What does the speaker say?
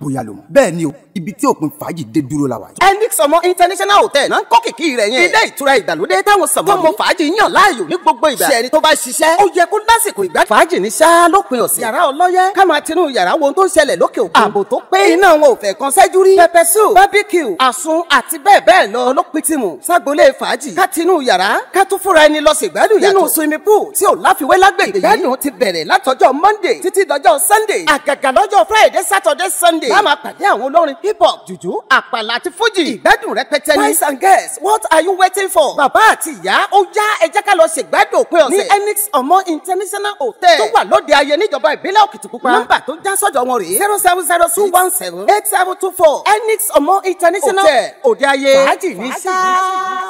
bóyá ló mú. bẹ́ẹ̀ ni o ibi tí òpin fàájì dé dúró la wà. elix ọmọ international hotel náà ń kọ́ kìkì rẹ̀ yẹn. ilé ìtura ìgbàlódé táwọn sọ̀mọ́ tó mọ fàájì yàn láàyò ní gbogbo ìgbà. ṣẹ́ni tó bá ṣiṣẹ́ ó yẹ kó lásìkò ìgbà. fàájì ní sá lópin ọ̀sẹ̀. yàrá ọlọ́yẹ ká máa tinú yàrá wo tó ń ṣẹlẹ̀ lókè òkun. ààbò tó pé iná wọn ò fẹ́ kan sẹ́jú rí. pẹpẹ soup barbecue àsun àti bẹ́ẹ̀ bẹ́ẹ̀ lọ ló pin tìmù. ságbolé fàájì ká tinú yàrá ká tún fúnra ẹni lọ ṣègbádùn yàtọ̀. nínú swimming pool tí ò láfiwé monday títí dọjọ́ sunday àgàgà friday saturday sunday sunday. bá a máa àwọn olórin hip hop juju, àpàlà àti Fuji. ìgbádùn rẹpẹtẹ ni. boys and girls what are you waiting for. bàbá àti ìyá ó yá ẹ jẹ́ ká lọ ṣègbádùn òpin ọ̀sẹ̀. ní enix ọmọ international hotel. tó wà lóde ayé níjọba ìbílẹ̀ òkìtìpupa. nọ́mbà tó já sọ́jọ́ wọn rèé. zero seven zero two one seven eight seven two four enix ọmọ international hotel òde ayé. fàájì ní sáà.